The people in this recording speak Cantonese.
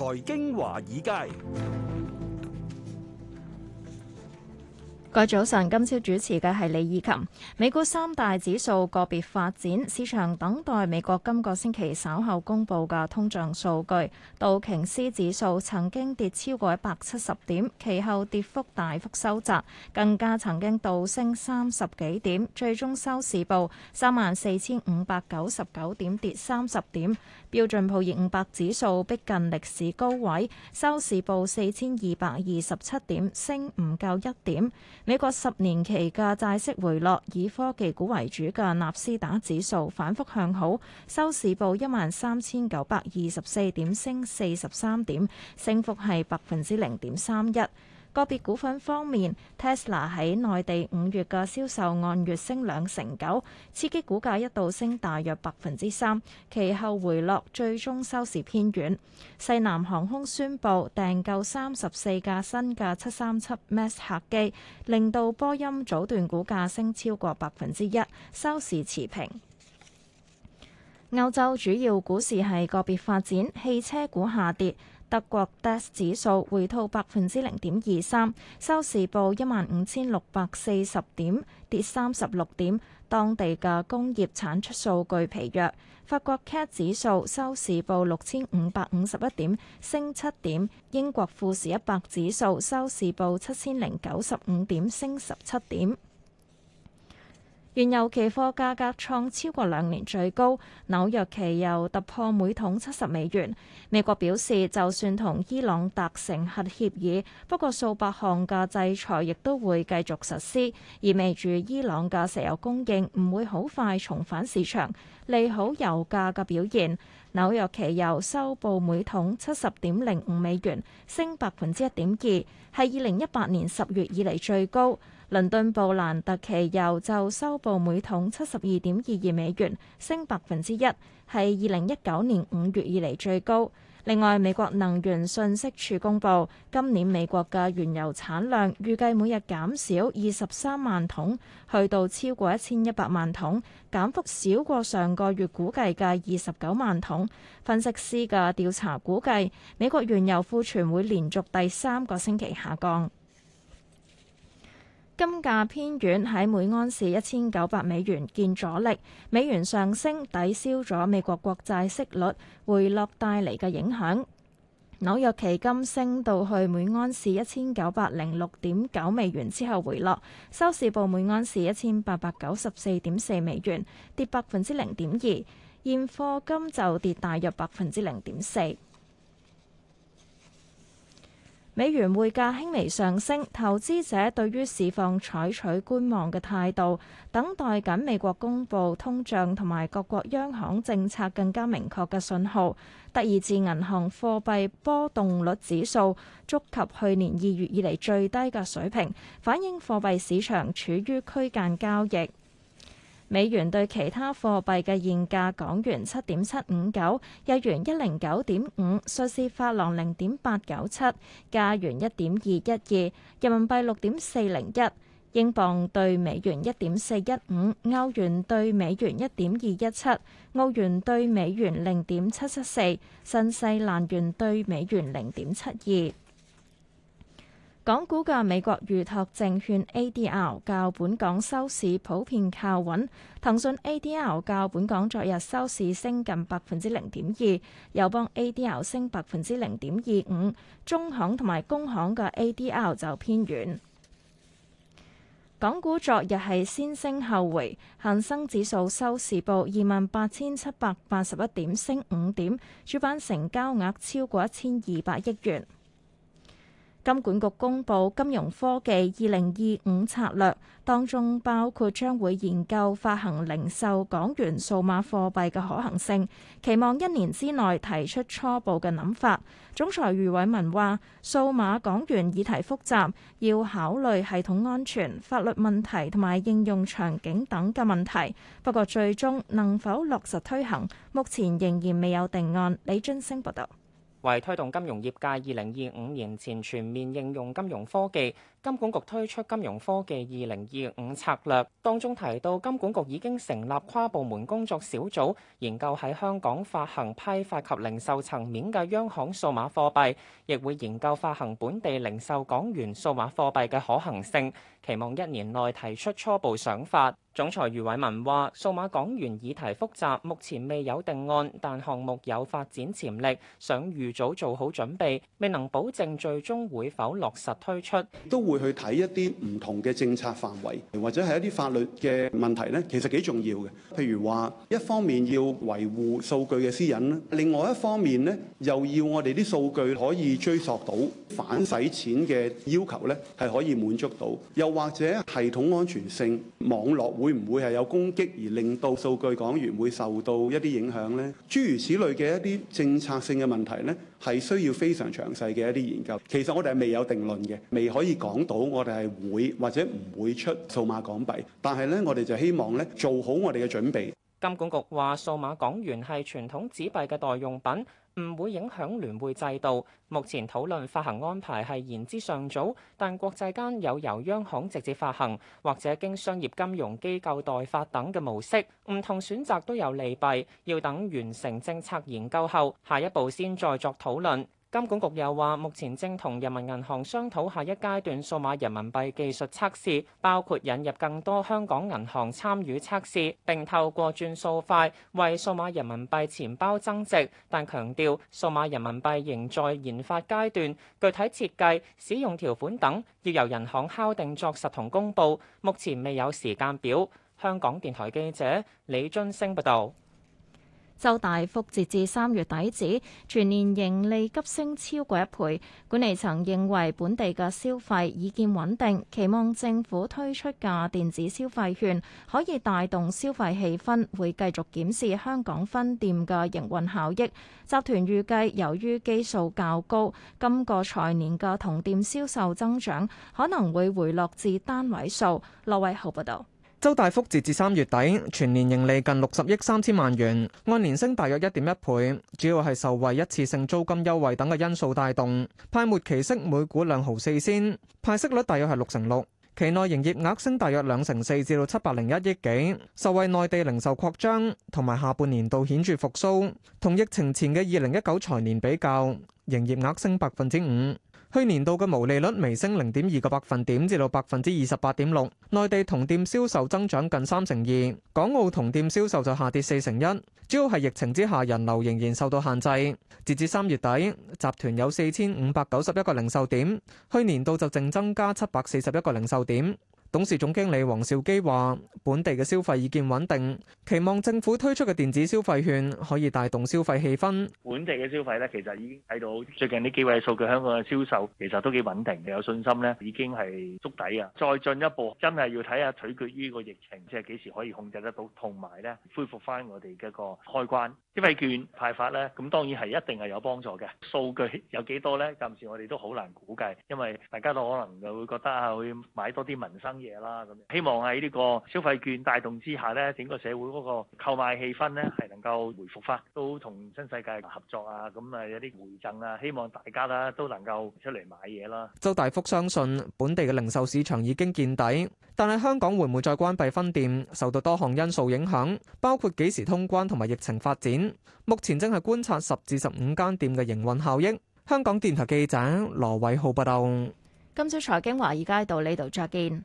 財經華爾街。各位早晨，今朝主持嘅係李以琴。美股三大指數個別發展，市場等待美國今個星期稍後公布嘅通脹數據。道瓊斯指數曾經跌超過一百七十點，其後跌幅大幅收窄，更加曾經倒升三十幾點，最終收市報三萬四千五百九十九點，跌三十點，標準普爾五百指數逼近歷史高位，收市報四千二百二十七點，升唔夠一點。美國十年期嘅債息回落，以科技股為主嘅納斯達克指數反覆向好，收市報一萬三千九百二十四點，升四十三點，升幅係百分之零點三一。個別股份方面，Tesla 喺內地五月嘅銷售按月升兩成九，刺激股價一度升大約百分之三，其後回落，最終收市偏軟。西南航空宣布訂購三十四架新嘅七三七 Max 客機，令到波音早段股價升超過百分之一，收市持平。歐洲主要股市係個別發展，汽車股下跌。德國 DAX 指數回吐百分之零點二三，收市報一萬五千六百四十點，跌三十六點。當地嘅工業產出數據疲弱。法國 CAC 指數收市報六千五百五十一點，升七點。英國富時一百指數收市報七千零九十五點，升十七點。原油期貨價格創超過兩年最高，紐約期油突破每桶七十美元。美國表示，就算同伊朗達成核協議，不過數百項嘅制裁亦都會繼續實施，意味住伊朗嘅石油供應唔會好快重返市場，利好油價嘅表現。紐約期油收報每桶七十點零五美元，升百分之一點二，係二零一八年十月以嚟最高。倫敦布蘭特期油就收報每桶七十二點二二美元，升百分之一，係二零一九年五月以嚟最高。另外，美國能源信息署公布，今年美國嘅原油產量預計每日減少二十三萬桶，去到超過一千一百萬桶，減幅少過上個月估計嘅二十九萬桶。分析師嘅調查估計，美國原油庫存會連續第三個星期下降。金價偏軟，喺每安士一千九百美元見阻力，美元上升抵消咗美國國債息率回落帶嚟嘅影響。紐約期金升到去每安士一千九百零六點九美元之後回落，收市報每安士一千八百九十四點四美元，跌百分之零點二。現貨金就跌大約百分之零點四。美元匯價輕微上升，投資者對於市況採取觀望嘅態度，等待緊美國公布通脹同埋各國央行政策更加明確嘅信號，德意志銀行貨幣波動率指數觸及去年二月以嚟最低嘅水平，反映貨幣市場處於區間交易。美元對其他貨幣嘅現價：港元七點七五九，日元一零九點五，瑞士法郎零點八九七，加元一點二一二，人民幣六點四零一，英鎊對美元一點四一五，歐元對美元一點二一七，澳元對美元零點七七四，新西蘭元對美元零點七二。港股嘅美國預託證券 ADR 較本港收市普遍靠穩，騰訊 ADR 較本港昨日收市升近百分之零點二，友邦 ADR 升百分之零點二五，中行同埋工行嘅 ADR 就偏軟。港股昨日係先升後回，恆生指數收市報二萬八千七百八十一點，升五點，主板成交額超過一千二百億元。金管局公布金融科技二零二五策略，當中包括將會研究發行零售港元數碼貨幣嘅可行性，期望一年之內提出初步嘅諗法。總裁余偉文話：數碼港元議題複雜，要考慮系統安全、法律問題同埋應用場景等嘅問題。不過最終能否落實推行，目前仍然未有定案。李俊升報道。為推動金融業界二零二五年前全面應用金融科技，金管局推出金融科技二零二五策略，當中提到金管局已經成立跨部門工作小組，研究喺香港發行批發及零售層面嘅央行數碼貨幣，亦會研究發行本地零售港元數碼貨幣嘅可行性。期望一年內提出初步想法。總裁余偉文話：數碼港元議題複雜，目前未有定案，但項目有發展潛力，想預早做好準備，未能保證最終會否落實推出。都會去睇一啲唔同嘅政策範圍，或者係一啲法律嘅問題呢，其實幾重要嘅。譬如話，一方面要維護數據嘅私隱，另外一方面呢，又要我哋啲數據可以追溯到反洗錢嘅要求呢，係可以滿足到又。或者系統安全性、網絡會唔會係有攻擊而令到數據港元會受到一啲影響呢？諸如此類嘅一啲政策性嘅問題呢，係需要非常詳細嘅一啲研究。其實我哋係未有定論嘅，未可以講到我哋係會或者唔會出數碼港幣。但係呢，我哋就希望呢，做好我哋嘅準備。金管局話：數碼港元係傳統紙幣嘅代用品。唔會影響聯匯制度。目前討論發行安排係言之尚早，但國際間有由央行直接發行，或者經商業金融機構代發等嘅模式，唔同選擇都有利弊。要等完成政策研究後，下一步先再作討論。金管局又話，目前正同人民銀行商討下一階段數碼人民幣技術測試，包括引入更多香港銀行參與測試，並透過轉數快為數碼人民幣錢包增值。但強調數碼人民幣仍在研發階段，具體設計、使用條款等要由人行敲定作實同公佈，目前未有時間表。香港電台記者李津升報道。周大福截至三月底止，全年盈利急升超過一倍。管理層認為本地嘅消費已見穩定，期望政府推出嘅電子消費券可以帶動消費氣氛，會繼續檢視香港分店嘅營運效益。集團預計由於基數較高，今個財年嘅同店銷售增長可能會回落至單位數，羅偉豪報道。周大福截至三月底全年盈利近六十億三千萬元，按年升大約一點一倍，主要係受惠一次性租金優惠等嘅因素帶動，派末期息每股兩毫四仙，派息率大約係六成六，期內營業額升大約兩成四至到七百零一億幾，受惠內地零售擴張同埋下半年度顯著復蘇，同疫情前嘅二零一九財年比較，營業額升百分之五。去年度嘅毛利率微升零點二個百分點，至到百分之二十八點六。內地同店銷售增長近三成二，港澳同店銷售就下跌四成一，主要係疫情之下人流仍然受到限制。截至三月底，集團有四千五百九十一個零售點，去年度就淨增加七百四十一個零售點。董事總經理黃兆基話：本地嘅消費意見穩定，期望政府推出嘅電子消費券可以帶動消費氣氛。本地嘅消費咧，其實已經睇到最近呢幾位數據，香港嘅銷售其實都幾穩定，有信心咧，已經係觸底啊！再進一步，真係要睇下取決於個疫情即係幾時可以控制得到，同埋咧恢復翻我哋嘅個開關。因為券派發咧，咁當然係一定係有幫助嘅。數據有幾多咧？暫時我哋都好難估計，因為大家都可能就會覺得啊，會買多啲民生。嘢啦，咁希望喺呢個消費券帶動之下咧，整個社會嗰個購買氣氛咧，係能夠回復返。都同新世界合作啊，咁啊有啲回贈啊，希望大家啦都能夠出嚟買嘢啦。周大福相信本地嘅零售市場已經見底，但係香港會唔會再關閉分店，受到多項因素影響，包括幾時通關同埋疫情發展。目前正係觀察十至十五間店嘅營運效益。香港電台記者羅偉浩報道。今朝財經華爾街到呢度，再見。